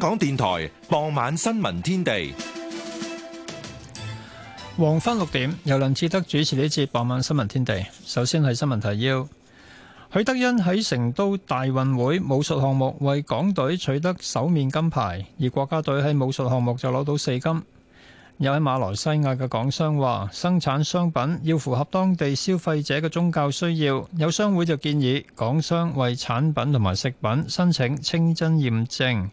香港電台傍晚新聞天地，黃昏六點由梁志德主持呢節傍晚新聞天地。首先係新聞提要：許德恩喺成都大運會武術項目為港隊取得首面金牌，而國家隊喺武術項目就攞到四金。有喺馬來西亞嘅港商話，生產商品要符合當地消費者嘅宗教需要。有商會就建議港商為產品同埋食品申請清真驗證。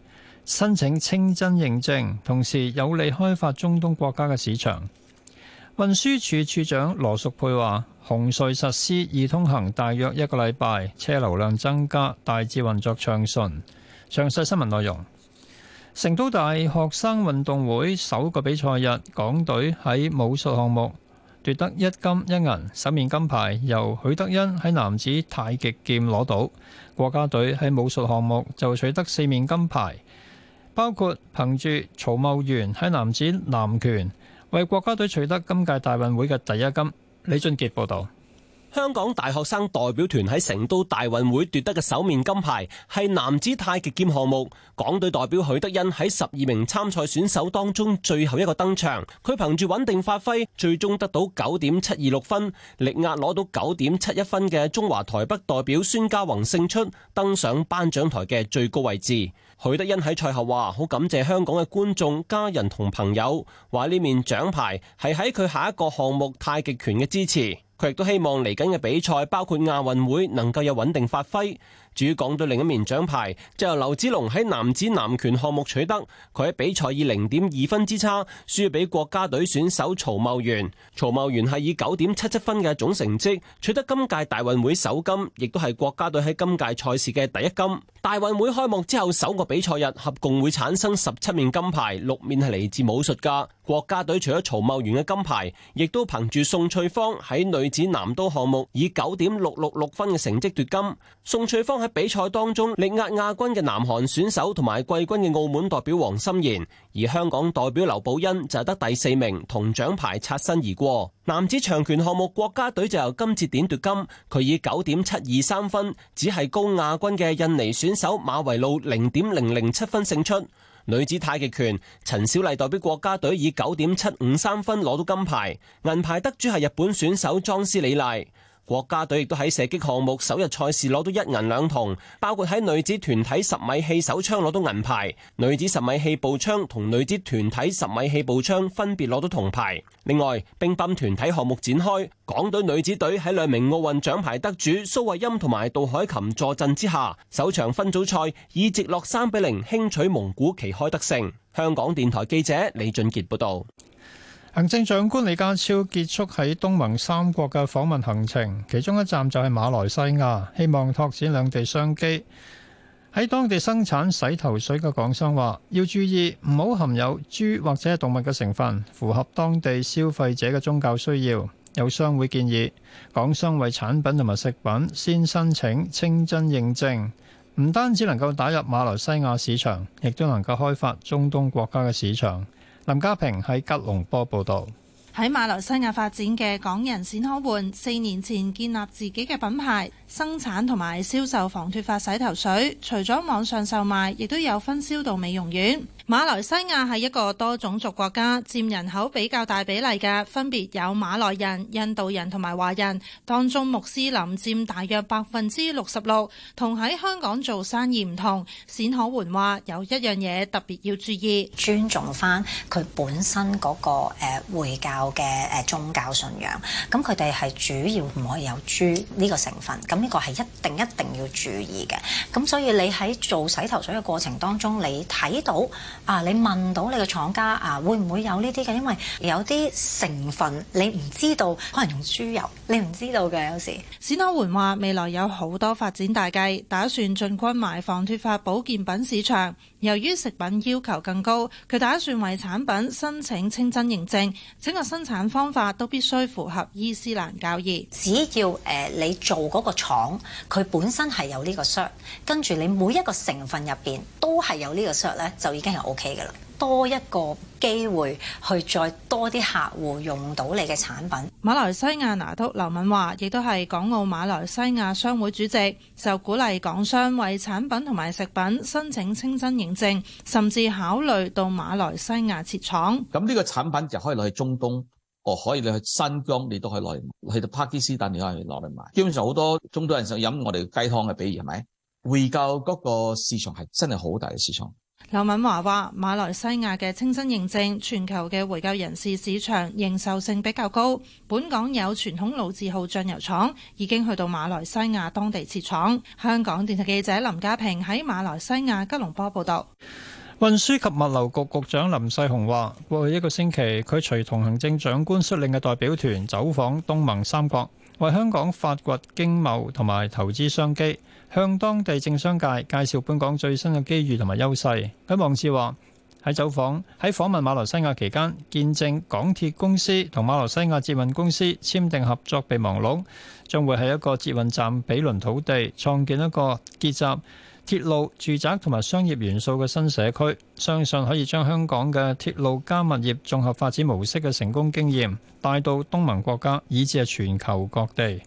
申請清真認證，同時有利開發中東國家嘅市場。運輸署署長羅淑佩話，紅隧實施易通行，大約一個禮拜，車流量增加，大致運作暢順。詳細新聞內容。成都大學生運動會首個比賽日，港隊喺武術項目奪得一金一銀，首面金牌由許德恩喺男子太極劍攞到。國家隊喺武術項目就取得四面金牌。包括憑住曹茂源喺男子南拳，為國家隊取得今屆大運會嘅第一金。李俊杰報道。香港大學生代表團喺成都大運會奪得嘅首面金牌係男子太極劍項目，港隊代表許德恩喺十二名參賽選手當中最後一個登場，佢憑住穩定發揮，最終得到九點七二六分，力壓攞到九點七一分嘅中華台北代表孫家宏勝出，登上頒獎台嘅最高位置。許德恩喺賽後話：好感謝香港嘅觀眾、家人同朋友，話呢面獎牌係喺佢下一個項目太極拳嘅支持。佢亦都希望嚟緊嘅比賽，包括亞運會，能夠有穩定發揮。至於港隊另一面獎牌，就由劉子龍喺男子南拳項目取得。佢喺比賽以零點二分之差輸俾國家隊選手曹茂源。曹茂源係以九點七七分嘅總成績取得今屆大運會首金，亦都係國家隊喺今屆賽事嘅第一金。大運會開幕之後首個比賽日，合共會產生十七面金牌，六面係嚟自武術噶。國家隊除咗曹茂源嘅金牌，亦都憑住宋翠芳喺女子南刀項目以九點六六六分嘅成績奪金。宋翠芳喺比賽當中力壓亞軍嘅南韓選手同埋季軍嘅澳門代表黃心妍，而香港代表劉寶恩就係得第四名，同獎牌擦身而過。男子長拳項目國家隊就由金哲典奪金，佢以九點七二三分只係高亞軍嘅印尼選手馬維路零點零零七分勝出。女子太極拳陳小麗代表國家隊以九點七五三分攞到金牌，銀牌得主係日本選手莊斯里瀨。國家隊亦都喺射擊項目首日賽事攞到一銀兩銅，包括喺女子團體十米氣手槍攞到銀牌，女子十米氣步槍同女子團體十米氣步槍分別攞到銅牌。另外，乒乓團體項目展開，港隊女子隊喺兩名奧運獎牌得主蘇慧音同埋杜凱琴助陣之下，首場分組賽以直落三比零輕取蒙古，旗開得勝。香港電台記者李俊杰報道。行政長官李家超結束喺東盟三國嘅訪問行程，其中一站就係馬來西亞，希望拓展兩地商機。喺當地生產洗頭水嘅港商話：要注意唔好含有豬或者係動物嘅成分，符合當地消費者嘅宗教需要。有商會建議，港商為產品同埋食品先申請清真認證，唔單止能夠打入馬來西亞市場，亦都能夠開發中東國家嘅市場。林家平喺吉隆坡報道，喺馬來西亞發展嘅港人冼可煥，四年前建立自己嘅品牌，生產同埋銷售防脫髮洗頭水，除咗網上售賣，亦都有分銷到美容院。馬來西亞係一個多種族國家，佔人口比較大比例嘅分別有馬來人、印度人同埋華人。當中穆斯林佔大約百分之六十六。同喺香港做生意唔同，冼可緩話有一樣嘢特別要注意，尊重翻佢本身嗰個誒會教嘅宗教信仰。咁佢哋係主要唔可以有豬呢個成分。咁呢個係一定一定要注意嘅。咁所以你喺做洗頭水嘅過程當中，你睇到。啊！你問到你個廠家啊，會唔會有呢啲嘅？因為有啲成分你唔知道，可能用豬油，你唔知道嘅有時。史諾媛話：未來有好多發展大計，打算進軍埋防脫髮保健品市場。由於食品要求更高，佢打算為產品申請清真認證，整個生產方法都必須符合伊斯蘭教義。只要誒、呃、你做嗰個廠，佢本身係有呢個 cert，跟住你每一個成分入邊都係有呢個 cert 咧，就已經係好嘅啦，多一個機會去再多啲客戶用到你嘅產品。馬來西亞拿督劉敏華，亦都係港澳馬來西亞商會主席，就鼓勵港商為產品同埋食品申請清真認證，甚至考慮到馬來西亞設廠。咁呢個產品就可以攞去中東，哦可以攞去新疆，你都可以攞嚟去，去到巴基斯坦，你可以攞嚟賣。基本上好多中東人想飲我哋雞湯嘅，比如係咪？回教嗰個市場係真係好大嘅市場。劉敏華話：馬來西亞嘅清真認證，全球嘅回教人士市場認受性比較高。本港有傳統老字號醬油廠已經去到馬來西亞當地設廠。香港電視記者林家平喺馬來西亞吉隆坡報道。運輸及物流局局長林世雄話：過去一個星期，佢隨同行政長官率領嘅代表團走訪東盟三國，為香港發掘經貿同埋投資商機。向當地政商界介紹本港最新嘅機遇同埋優勢。網誌話：喺走訪喺訪問馬來西亞期間，見證港鐵公司同馬來西亞捷運公司簽訂合作備忘錄，將會係一個捷運站毗鄰土地，創建一個結集鐵路、住宅同埋商業元素嘅新社區。相信可以將香港嘅鐵路加物業綜合發展模式嘅成功經驗帶到東盟國家，以至係全球各地。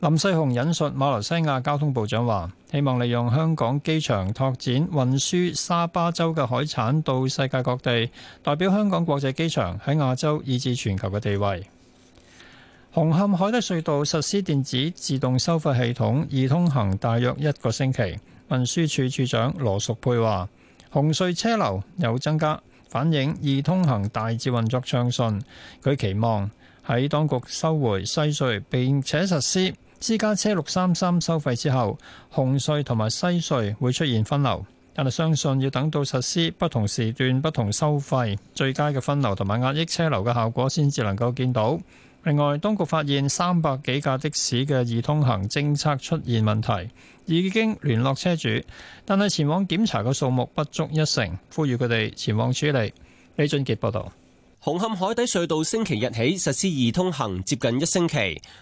林世雄引述，馬來西亞交通部長話，希望利用香港機場拓展運輸沙巴州嘅海產到世界各地，代表香港國際機場喺亞洲以至全球嘅地位。紅磡海底隧道實施電子自動收費系統易通行大約一個星期。運輸署署長羅淑佩話紅隧車流有增加，反映易通行大致運作暢順，佢期望喺當局收回西隧並且實施私家車六三三收費之後，紅隧同埋西隧會出現分流，但係相信要等到實施不同時段不同收費，最佳嘅分流同埋壓抑車流嘅效果先至能夠見到。另外，當局發現三百幾架的士嘅易通行政策出現問題，已經聯絡車主，但係前往檢查嘅數目不足一成，呼籲佢哋前往處理。李俊傑報道。紅磡海底隧道星期日起實施易通行，接近一星期。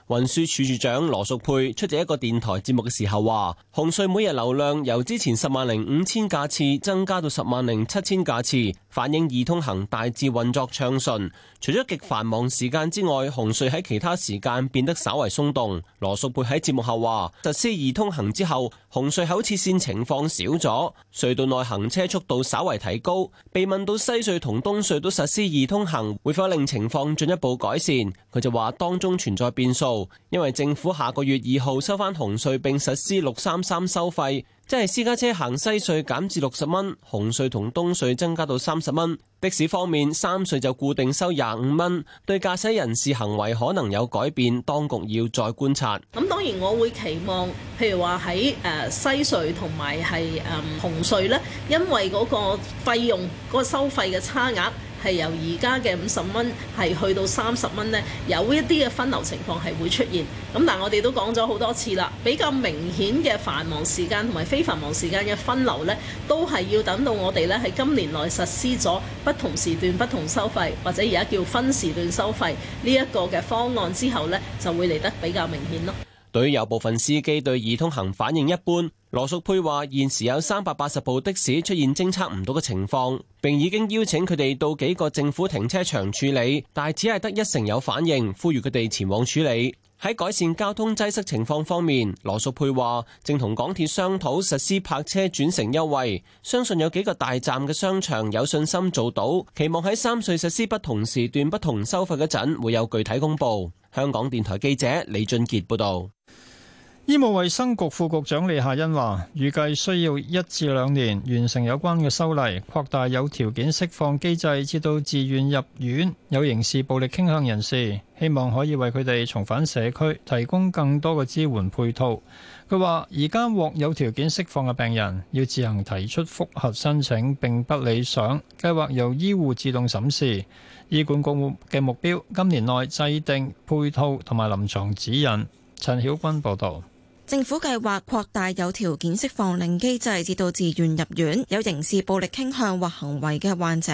運輸署署長羅淑佩出席一個電台節目嘅時候話，紅隧每日流量由之前十萬零五千架次增加到十萬零七千架次，反映易通行大致運作暢順。除咗極繁忙時間之外，紅隧喺其他時間變得稍為鬆動。羅淑佩喺節目後話，實施易通行之後，紅隧口塞線情況少咗，隧道內行車速度稍為提高。被問到西隧同東隧都實施易通，行會否令情況進一步改善？佢就話當中存在變數，因為政府下個月二號收翻紅隧並實施六三三收費，即係私家車行西隧減至六十蚊，紅隧同東隧增加到三十蚊。的士方面，三隧就固定收廿五蚊。對駕駛人士行為可能有改變，當局要再觀察。咁當然，我會期望譬如話喺誒西隧同埋係誒紅隧呢，因為嗰個費用嗰、嗰個收費嘅差額，係由而家嘅五十蚊係去到三十蚊呢，有一啲嘅分流情況係會出現。咁但係我哋都講咗好多次啦，比較明顯嘅繁忙時間同埋非繁忙時間嘅分流呢，都係要等到我哋呢，喺今年內實施咗不同時段不同收費，或者而家叫分時段收費呢一個嘅方案之後呢，就會嚟得比較明顯咯。有部分司機對易通行反應一般。羅淑佩話：現時有三百八十部的士出現偵測唔到嘅情況，並已經邀請佢哋到幾個政府停車場處理，但係只係得一成有反應，呼籲佢哋前往處理。喺改善交通擠塞情況方面，羅淑佩話正同港鐵商討實施泊車轉乘優惠，相信有幾個大站嘅商場有信心做到。期望喺三歲實施不同時段不同收費嗰陣會有具體公佈。香港電台記者李俊傑報導。醫務衛生局副局長李夏茵話，預計需要一至兩年完成有關嘅修例，擴大有條件釋放機制，至到自願入院有刑事暴力傾向人士，希望可以為佢哋重返社區提供更多嘅支援配套。佢話，而家獲有條件釋放嘅病人要自行提出覆核申請，並不理想。計劃由醫護自動審視醫管局嘅目標，今年內制定配套同埋臨牀指引。陳曉君報道。政府計劃擴大有條件釋放令機制，至到自願入院有刑事暴力傾向或行為嘅患者。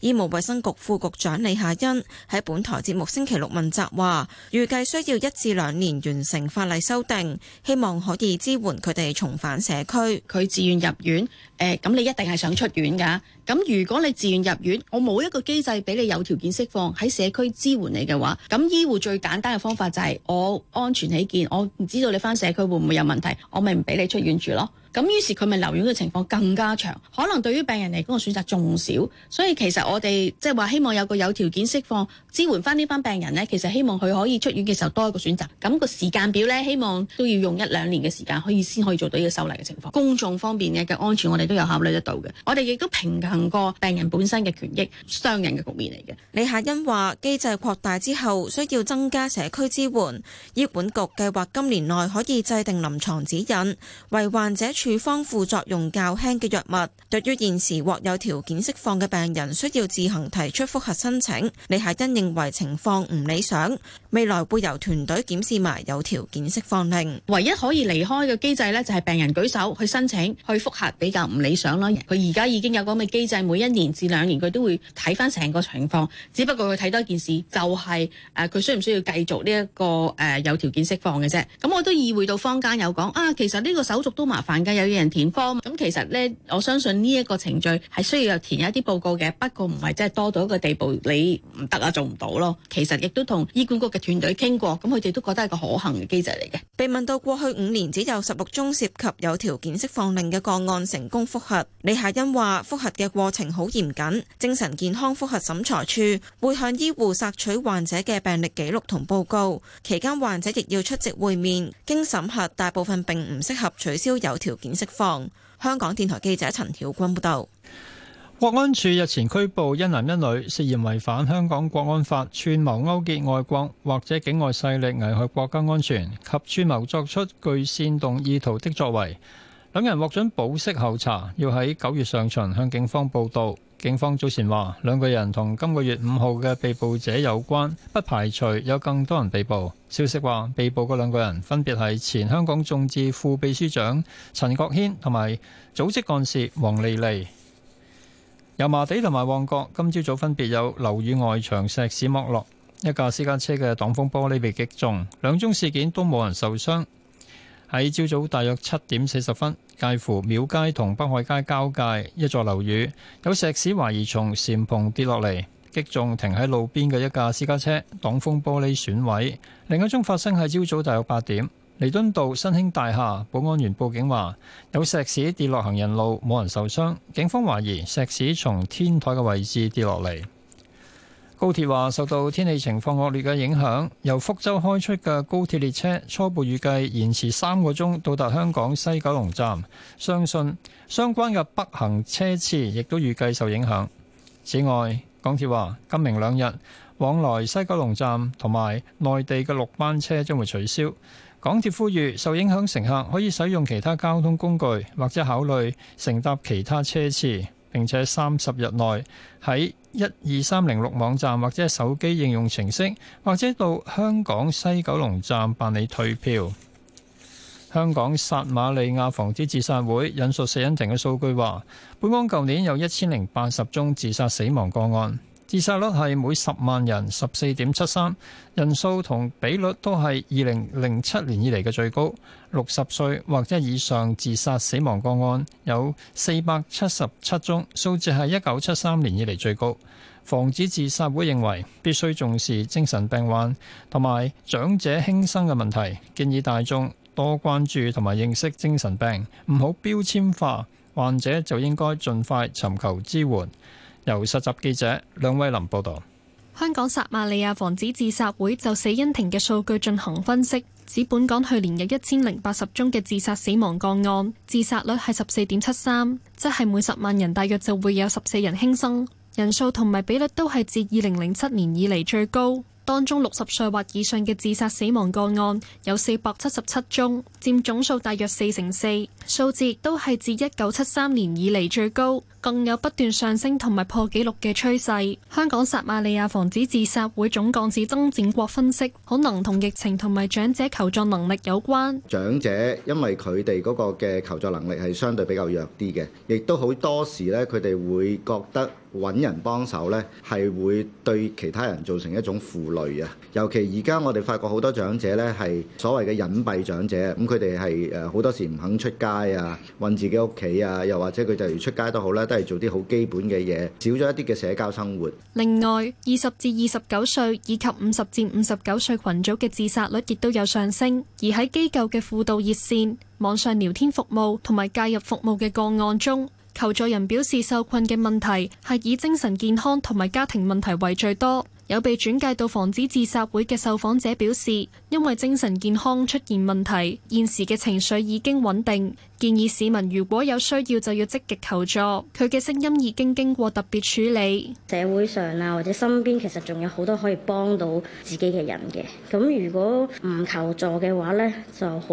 醫務衛生局副局長李夏茵喺本台節目星期六問責話，預計需要一至兩年完成法例修訂，希望可以支援佢哋重返社區。佢自願入院，誒、呃，咁你一定係想出院㗎？咁如果你自願入院，我冇一個機制俾你有條件釋放喺社區支援你嘅話，咁醫護最簡單嘅方法就係我安全起見，我唔知道你返社區會唔會有問題，我咪唔俾你出院住咯。咁於是佢咪留院嘅情況更加長，可能對於病人嚟講個選擇仲少，所以其實我哋即係話希望有個有條件釋放支援翻呢班病人呢。其實希望佢可以出院嘅時候多一個選擇。咁、那個時間表呢，希望都要用一兩年嘅時間，可以先可以做到呢個修例嘅情況。公眾方面嘅嘅安全，我哋都有考慮得到嘅。我哋亦都平衡過病人本身嘅權益、傷人嘅局面嚟嘅。李夏欣話：機制擴大之後，需要增加社區支援。醫管局計劃今年內可以制定臨床指引，為患者，處方副作用較輕嘅藥物，對於現時或有條件釋放嘅病人，需要自行提出複核申請。李海欣認為情況唔理想。未來會由團隊檢視埋有條件釋放令。唯一可以離開嘅機制咧，就係、是、病人舉手去申請，去複核比較唔理想啦。佢而家已經有個咁嘅機制，每一年至兩年佢都會睇返成個情況。只不過佢睇多件事，就係誒佢需唔需要繼續呢一個誒有條件釋放嘅啫。咁、嗯、我都意會到坊間有講啊，其實呢個手續都麻煩㗎，有啲人填 form。咁其實咧，我相信呢一個程序係需要有填一啲報告嘅，不過唔係即係多到一個地步你唔得啊，做唔到咯。其實亦都同醫管局嘅團隊傾過，咁佢哋都覺得係個可行嘅機制嚟嘅。被問到過去五年只有十六宗涉及有條件釋放令嘅個案成功覆核，李夏欣話：覆核嘅過程好嚴謹，精神健康覆核審裁處會向醫護索取患者嘅病歷記錄同報告，期間患者亦要出席會面，經審核大部分並唔適合取消有條件釋放。香港電台記者陳曉君報導。國安處日前拘捕一男一女，涉嫌違反香港國安法，串謀勾結外國或者境外勢力危害國家安全及串謀作出具煽動意圖的作為。兩人獲准保釋候查，要喺九月上旬向警方報到。警方早前話，兩個人同今個月五號嘅被捕者有關，不排除有更多人被捕。消息話，被捕嘅兩個人分別係前香港眾志副秘書長陳國謙同埋組織幹事黃莉莉。油麻地同埋旺角今朝早分別有樓宇外牆石屎剝落，一架私家車嘅擋風玻璃被擊中，兩宗事件都冇人受傷。喺朝早大約七點四十分，介乎廟街同北海街交界一座樓宇有石屎懷疑從簷篷跌落嚟，擊中停喺路邊嘅一架私家車擋風玻璃損毀，另一宗發生喺朝早大約八點。彌敦道新興大廈保安員報警話，有石屎跌落行人路，冇人受傷。警方懷疑石屎從天台嘅位置跌落嚟。高鐵話，受到天氣情況惡劣嘅影響，由福州開出嘅高鐵列車初步預計延遲三個鐘到達香港西九龍站。相信相關嘅北行車次亦都預計受影響。此外，港鐵話今明兩日往來西九龍站同埋內地嘅六班車將會取消。港鐵呼籲受影響乘客可以使用其他交通工具，或者考慮乘搭其他車次。並且三十日內喺一二三零六網站或者手機應用程式，或者到香港西九龍站辦理退票。香港撒瑪利亞防止自殺會引述死因庭嘅數據話，本港舊年有一千零八十宗自殺死亡個案。自殺率係每十萬人十四點七三，人數同比率都係二零零七年以嚟嘅最高。六十歲或者以上自殺死亡個案有四百七十七宗，數字係一九七三年以嚟最高。防止自殺會認為必須重視精神病患同埋長者輕生嘅問題，建議大眾多關注同埋認識精神病，唔好標籤化，患者就應該盡快尋求支援。由實習記者梁偉林報道，香港撒瑪利亞防止自殺會就死因庭嘅數據進行分析，指本港去年有一千零八十宗嘅自殺死亡個案，自殺率係十四點七三，即係每十萬人大約就會有十四人輕生，人數同埋比率都係自二零零七年以嚟最高。當中六十歲或以上嘅自殺死亡個案有四百七十七宗，佔總數大約四成四，數字都係自一九七三年以嚟最高，更有不斷上升同埋破紀錄嘅趨勢。香港撒瑪利亞防止自殺會總幹事曾展國分析，可能同疫情同埋長者求助能力有關。長者因為佢哋嗰個嘅求助能力係相對比較弱啲嘅，亦都好多時呢，佢哋會覺得。揾人幫手呢，係會對其他人造成一種負累啊！尤其而家我哋發覺好多長者呢，係所謂嘅隱蔽長者，咁佢哋係誒好多時唔肯出街啊，困自己屋企啊，又或者佢就如出街都好啦，都係做啲好基本嘅嘢，少咗一啲嘅社交生活。另外，二十至二十九歲以及五十至五十九歲群組嘅自殺率亦都有上升，而喺機構嘅輔導熱線、網上聊天服務同埋介入服務嘅個案中。求助人表示，受困嘅問題，係以精神健康同埋家庭問題為最多。有被轉介到防止自殺會嘅受訪者表示，因為精神健康出現問題，現時嘅情緒已經穩定。建議市民如果有需要就要積極求助。佢嘅聲音已經經過特別處理。社會上啊，或者身邊其實仲有好多可以幫到自己嘅人嘅。咁如果唔求助嘅話咧，就好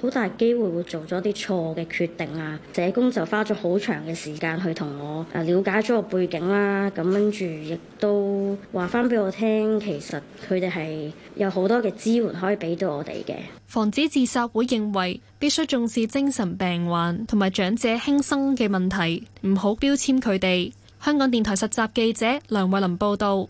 好大機會會做咗啲錯嘅決定啊。社工就花咗好長嘅時間去同我啊了解咗個背景啦。咁跟住亦都話翻俾我聽，其實佢哋係有好多嘅支援可以俾到我哋嘅。防止自殺會認為，必須重視精神病患同埋長者輕生嘅問題，唔好標籤佢哋。香港電台實習記者梁慧琳報道。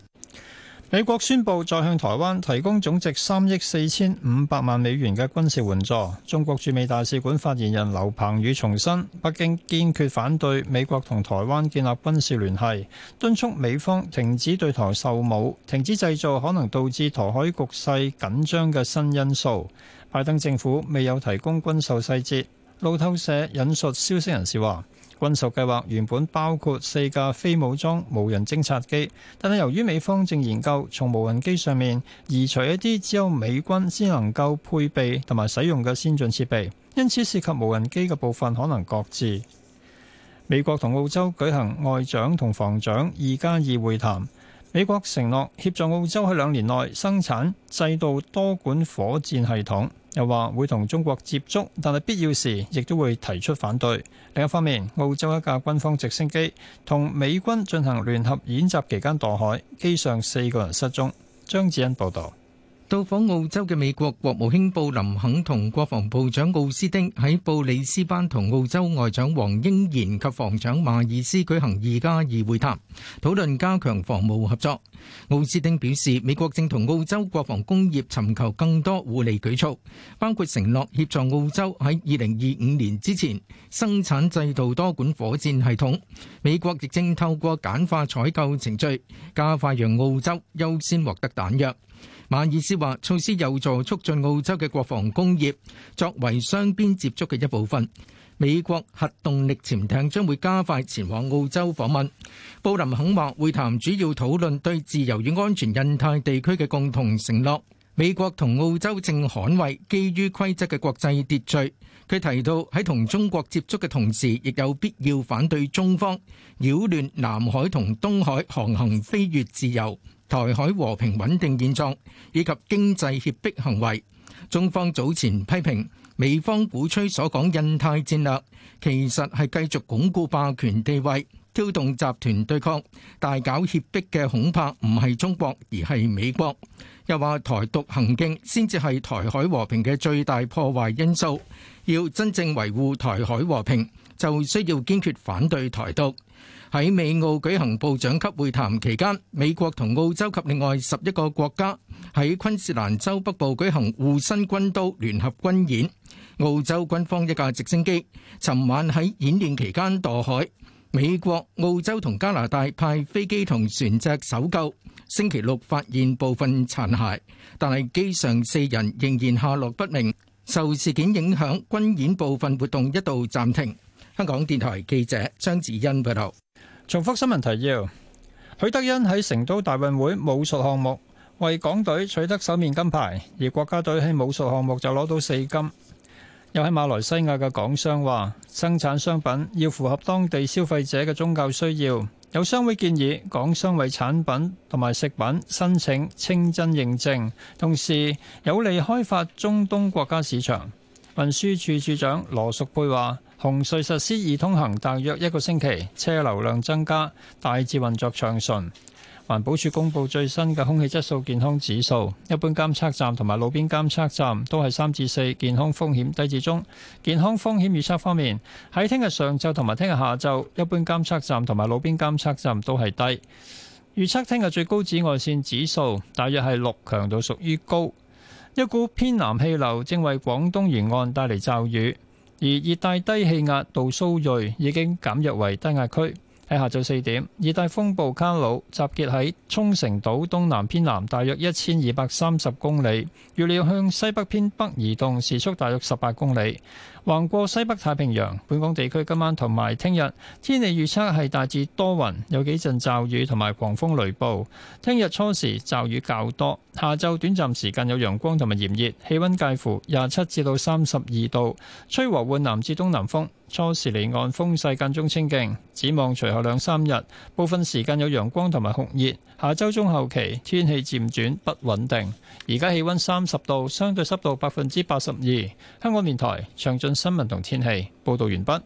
美國宣布再向台灣提供總值三億四千五百萬美元嘅軍事援助。中國駐美大使館發言人劉鵬宇重申，北京堅決反對美國同台灣建立軍事聯繫，敦促美方停止對台售武，停止製造可能導致台海局勢緊張嘅新因素。拜登政府未有提供軍售細節，路透社引述消息人士話，軍售計劃原本包括四架非武裝無人偵察機，但係由於美方正研究從無人機上面移除一啲只有美軍先能夠配備同埋使用嘅先進設備，因此涉及無人機嘅部分可能擱置。美國同澳洲舉行外長同防長二加二會談，美國承諾協助澳洲喺兩年內生產製造多管火箭系統。又話會同中國接觸，但係必要時亦都會提出反對。另一方面，澳洲一架軍方直升機同美軍進行聯合演習期間墮海，機上四個人失蹤。張智恩報導。到訪澳洲嘅美國國務卿布林肯同國防部長奧斯汀喺布里斯班同澳洲外長黃英賢及防長馬爾斯舉行二加二會談，討論加強防務合作。奧斯汀表示，美國正同澳洲國防工業尋求更多互利舉措，包括承諾協助澳洲喺二零二五年之前生產製造多管火箭系統。美國亦正透過簡化採購程序，加快讓澳洲優先獲得彈藥。馬爾斯話：措施有助促進澳洲嘅國防工業，作為雙邊接觸嘅一部分。美國核動力潛艇將會加快前往澳洲訪問。布林肯話：會談主要討論對自由與安全印太地區嘅共同承諾。美國同澳洲正捍衛基於規則嘅國際秩序。佢提到喺同中國接觸嘅同時，亦有必要反對中方擾亂南海同東海航行飛越自由。台海和平穩定現狀以及經濟脅迫行為，中方早前批評美方鼓吹所講印太戰略，其實係繼續鞏固霸權地位、挑動集團對抗、大搞脅迫嘅，恐怕唔係中國而係美國。又話台獨行徑先至係台海和平嘅最大破壞因素，要真正維護台海和平，就需要堅決反對台獨。喺美澳舉行部長級會談期間，美國同澳洲及另外十一個國家喺昆士蘭州北部舉行護身軍刀聯合軍演。澳洲軍方一架直升機，尋晚喺演練期間墮海，美國、澳洲同加拿大派飛機同船隻搜救。星期六發現部分殘骸，但係機上四人仍然下落不明。受事件影響，軍演部分活動一度暫停。香港電台記者張子欣報道。重複新聞提要：許德恩喺成都大運會武術項目為港隊取得首面金牌，而國家隊喺武術項目就攞到四金。有喺馬來西亞嘅港商話，生產商品要符合當地消費者嘅宗教需要。有商會建議港商為產品同埋食品申請清真認證，同時有利開發中東國家市場。運輸處處長羅淑佩話。紅隧實施易通行大約一個星期，車流量增加，大致運作暢順。環保署公布最新嘅空氣質素健康指數，一般監測站同埋路邊監測站都係三至四，健康風險低至中。健康風險預測方面，喺聽日上晝同埋聽日下晝，一般監測站同埋路邊監測站都係低。預測聽日最高紫外線指數大約係六，強度屬於高。一股偏南氣流正為廣東沿岸帶嚟驟雨。而熱帶低氣壓度蘇瑞已經減弱為低壓區。喺下晝四點，熱帶風暴卡魯集結喺沖繩島東南偏南大約一千二百三十公里，預料向西北偏北移動，時速大約十八公里，橫過西北太平洋，本港地區今晚同埋聽日天氣預測係大致多雲，有幾陣驟雨同埋狂風雷暴。聽日初時驟雨較多，下晝短暫時間有陽光同埋炎熱，氣溫介乎廿七至到三十二度，吹和緩南至東南風。初時離岸風勢間中清勁，展望隨後兩三日部分時間有陽光同埋酷熱。下周中後期天氣漸轉不穩定，而家氣温三十度，相對濕度百分之八十二。香港電台詳盡新聞同天氣報道完畢。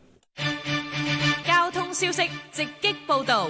交通消息直擊報道。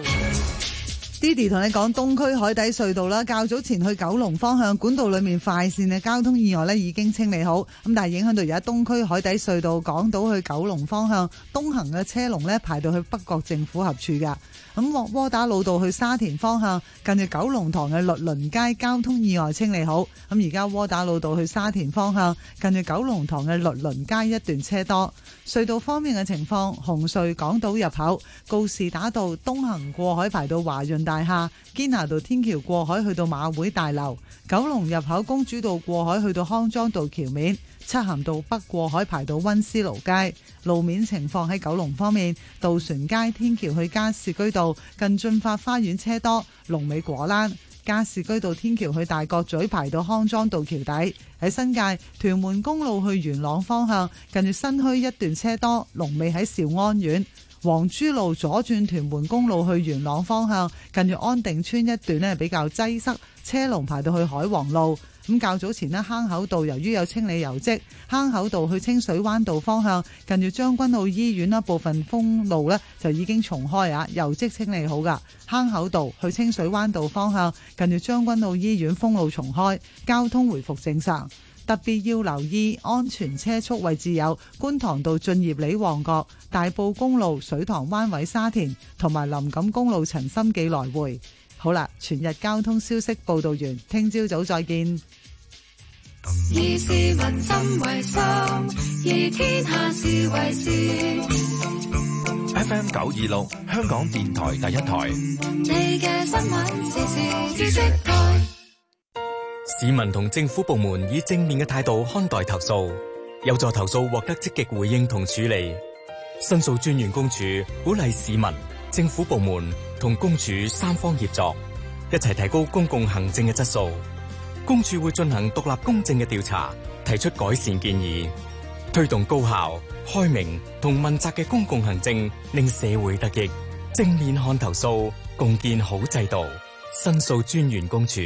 Didi 同你講東區海底隧道啦，較早前去九龍方向管道裏面快線嘅交通意外咧已經清理好，咁但係影響到而家東區海底隧道港島去九龍方向東行嘅車龍呢排到去北角政府合處㗎。咁窩窩打老道去沙田方向近住九龍塘嘅律倫街交通意外清理好，咁而家窩打老道去沙田方向近住九龍塘嘅律倫街一段車多。隧道方面嘅情況，紅隧港島入口告士打道東行過海排到華潤大大廈堅拿道天橋過海去到馬會大樓，九龍入口公主道過海去到康莊道橋面，七行道北過海排到溫思勞街。路面情況喺九龍方面，渡船街天橋去加士居道近駿發花園車多，龍尾果欄；加士居道天橋去大角咀排到康莊道橋底。喺新界屯門公路去元朗方向，近住新墟一段車多，龍尾喺兆安苑。黃珠路左轉屯門公路去元朗方向，近住安定村一段咧比較擠塞，車龍排到去海皇路。咁較早前咧坑口道由於有清理油漬，坑口道去清水灣道方向，近住將軍澳醫院啦部分封路咧就已經重開啊，油漬清理好噶。坑口道去清水灣道方向，近住將軍澳醫院封路重開，交通回復正常。特別要留意安全車速位置有觀塘道駿業里旺角、大埔公路水塘灣位沙田同埋林錦公路陳心記來回。好啦，全日交通消息報道完，聽朝早再見。以市民心為心，以天下事為事。FM 九二六，香港電台第一台。市民同政府部門以正面嘅態度看待投訴，有助投訴獲得積極回應同處理。申訴專員公署鼓勵市民、政府部門同公署三方協作，一齊提高公共行政嘅質素。公署會進行獨立公正嘅調查，提出改善建議，推動高效、開明同問責嘅公共行政，令社會得益。正面看投訴，共建好制度。申訴專員公署。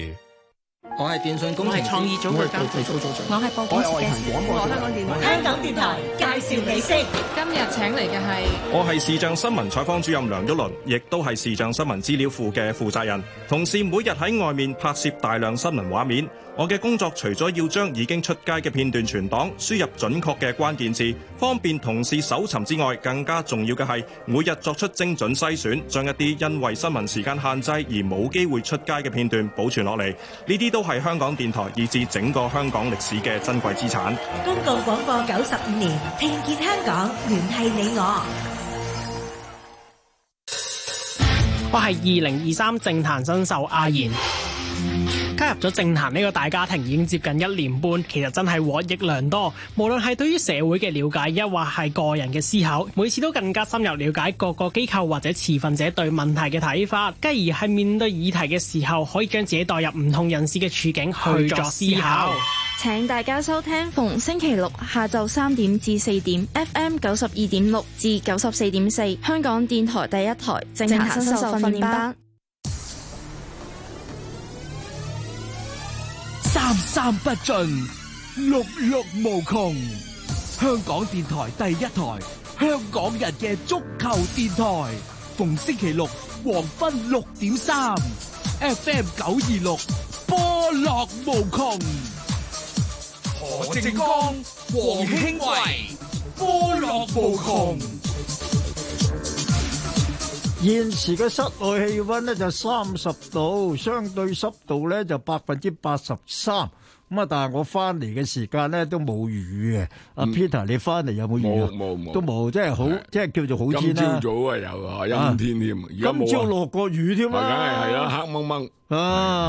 我係電訊公司創意組嘅組組長，我係報紙我係香，香港電台介紹你先。今日請嚟嘅係我係視像新聞採訪主任梁玉麟，亦都係視像新聞資料庫嘅負責人，同時每日喺外面拍攝大量新聞畫面。我嘅工作除咗要將已經出街嘅片段存檔、輸入準確嘅關鍵字，方便同事搜尋之外，更加重要嘅係每日作出精準篩選，將一啲因為新聞時間限制而冇機會出街嘅片段保存落嚟。呢啲都係香港電台以至整個香港歷史嘅珍貴資產。公共廣播九十五年，聽見香港，聯繫你我。我係二零二三政壇新秀阿賢。入咗政壇呢個大家庭已經接近一年半，其實真係獲益良多。無論係對於社會嘅了解，抑或係個人嘅思考，每次都更加深入了解各個機構或者持份者對問題嘅睇法，繼而係面對議題嘅時候，可以將自己代入唔同人士嘅處境去作思考。請大家收聽，逢星期六下晝三點至四點，FM 九十二點六至九十四點四，香港電台第一台政壇新秀訓練班。三三不盡，六六無窮。香港電台第一台，香港人嘅足球電台。逢星期六黃昏六點三，FM 九二六，波樂無窮。何靖江、黃興偉，波樂無窮。現時嘅室內氣溫咧就三十度，相對濕度咧就百分之八十三。咁啊，但係我翻嚟嘅時間咧都冇雨嘅。阿 Peter，你翻嚟有冇雨啊？冇冇冇，都冇，即係好，即係叫做好天啦。今朝早啊有啊，陰天添。今朝落過雨添啊。梗係係啊，黑蒙蒙啊。